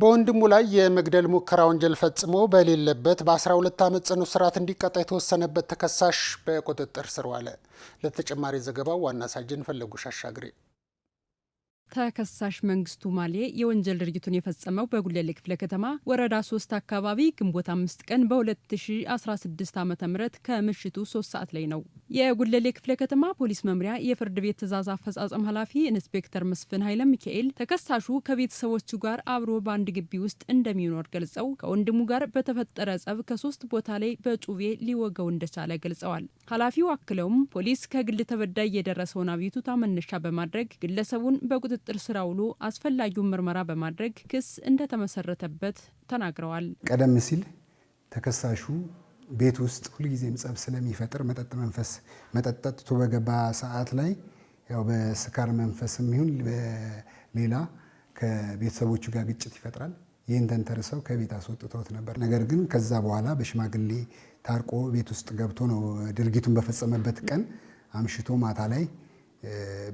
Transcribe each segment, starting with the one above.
በወንድሙ ላይ የመግደል ሙከራ ወንጀል ፈጽሞ በሌለበት በ12 ዓመት ጽኑ እስራት እንዲቀጣ የተወሰነበት ተከሳሽ በቁጥጥር ስር ዋለ። ለተጨማሪ ዘገባው ዋና ሳጅን ፈለጉ አሻግሬ ተከሳሽ መንግስቱ ማሌ የወንጀል ድርጊቱን የፈጸመው በጉለሌ ክፍለ ከተማ ወረዳ ሶስት አካባቢ ግንቦት አምስት ቀን በ2016 ዓ ም ከምሽቱ ሶስት ሰዓት ላይ ነው። የጉለሌ ክፍለ ከተማ ፖሊስ መምሪያ የፍርድ ቤት ትዕዛዝ አፈጻጸም ኃላፊ ኢንስፔክተር መስፍን ኃይለ ሚካኤል ተከሳሹ ከቤተሰቦቹ ጋር አብሮ በአንድ ግቢ ውስጥ እንደሚኖር ገልጸው ከወንድሙ ጋር በተፈጠረ ጸብ ከሶስት ቦታ ላይ በጩቤ ሊወገው እንደቻለ ገልጸዋል። ኃላፊው አክለውም ፖሊስ ከግል ተበዳይ የደረሰውን አቤቱታ መነሻ በማድረግ ግለሰቡን በቁጥ በቁጥጥር ስር አውሎ አስፈላጊውን ምርመራ በማድረግ ክስ እንደተመሰረተበት ተናግረዋል። ቀደም ሲል ተከሳሹ ቤት ውስጥ ሁልጊዜም ጸብ ስለሚፈጥር መጠጥ መንፈስ መጠጥ ጠጥቶ በገባ ሰዓት ላይ ያው በስካር መንፈስም ይሁን በሌላ ከቤተሰቦቹ ጋር ግጭት ይፈጥራል። ይህን ተንተርሰው ከቤት አስወጥተውት ነበር። ነገር ግን ከዛ በኋላ በሽማግሌ ታርቆ ቤት ውስጥ ገብቶ ነው ድርጊቱን በፈጸመበት ቀን አምሽቶ ማታ ላይ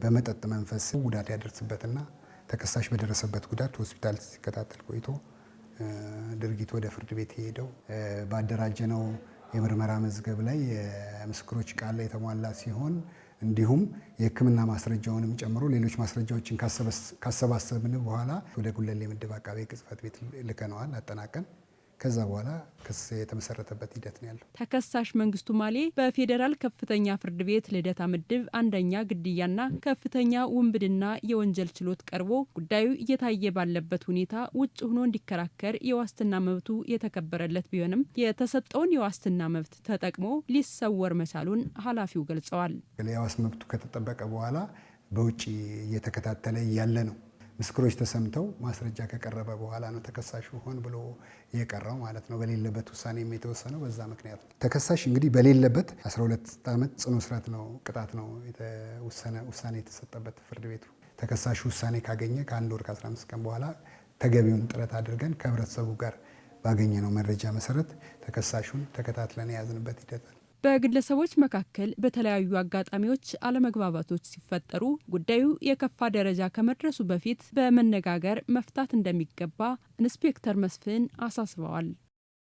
በመጠጥ መንፈስ ጉዳት ያደርስበትና ተከሳሽ በደረሰበት ጉዳት ሆስፒታል ሲከታተል ቆይቶ ድርጊት ወደ ፍርድ ቤት የሄደው ባደራጀነው የምርመራ መዝገብ ላይ የምስክሮች ቃል ላይ የተሟላ ሲሆን እንዲሁም የሕክምና ማስረጃውንም ጨምሮ ሌሎች ማስረጃዎችን ካሰባሰብን በኋላ ወደ ጉለሌ ምድብ አቃቤ ሕግ ጽሕፈት ቤት ልከነዋል አጠናቀን ከዛ በኋላ ክስ የተመሰረተበት ሂደት ነው ያለው። ተከሳሽ መንግስቱ ማሌ በፌዴራል ከፍተኛ ፍርድ ቤት ልደታ ምድብ አንደኛ ግድያና ከፍተኛ ውንብድና የወንጀል ችሎት ቀርቦ ጉዳዩ እየታየ ባለበት ሁኔታ ውጭ ሆኖ እንዲከራከር የዋስትና መብቱ የተከበረለት ቢሆንም የተሰጠውን የዋስትና መብት ተጠቅሞ ሊሰወር መቻሉን ኃላፊው ገልጸዋል። የዋስ መብቱ ከተጠበቀ በኋላ በውጭ እየተከታተለ ያለ ነው ምስክሮች ተሰምተው ማስረጃ ከቀረበ በኋላ ነው ተከሳሹ ሆን ብሎ የቀረው ማለት ነው። በሌለበት ውሳኔ የተወሰነው በዛ ምክንያት ነው። ተከሳሽ እንግዲህ በሌለበት 12 ዓመት ጽኑ እስራት ነው ቅጣት ነው ውሳኔ የተሰጠበት ፍርድ ቤቱ። ተከሳሹ ውሳኔ ካገኘ ከአንድ ወር ከ15 ቀን በኋላ ተገቢውን ጥረት አድርገን ከህብረተሰቡ ጋር ባገኘ ነው መረጃ መሰረት ተከሳሹን ተከታትለን የያዝንበት ሂደት በግለሰቦች መካከል በተለያዩ አጋጣሚዎች አለመግባባቶች ሲፈጠሩ ጉዳዩ የከፋ ደረጃ ከመድረሱ በፊት በመነጋገር መፍታት እንደሚገባ ኢንስፔክተር መስፍን አሳስበዋል።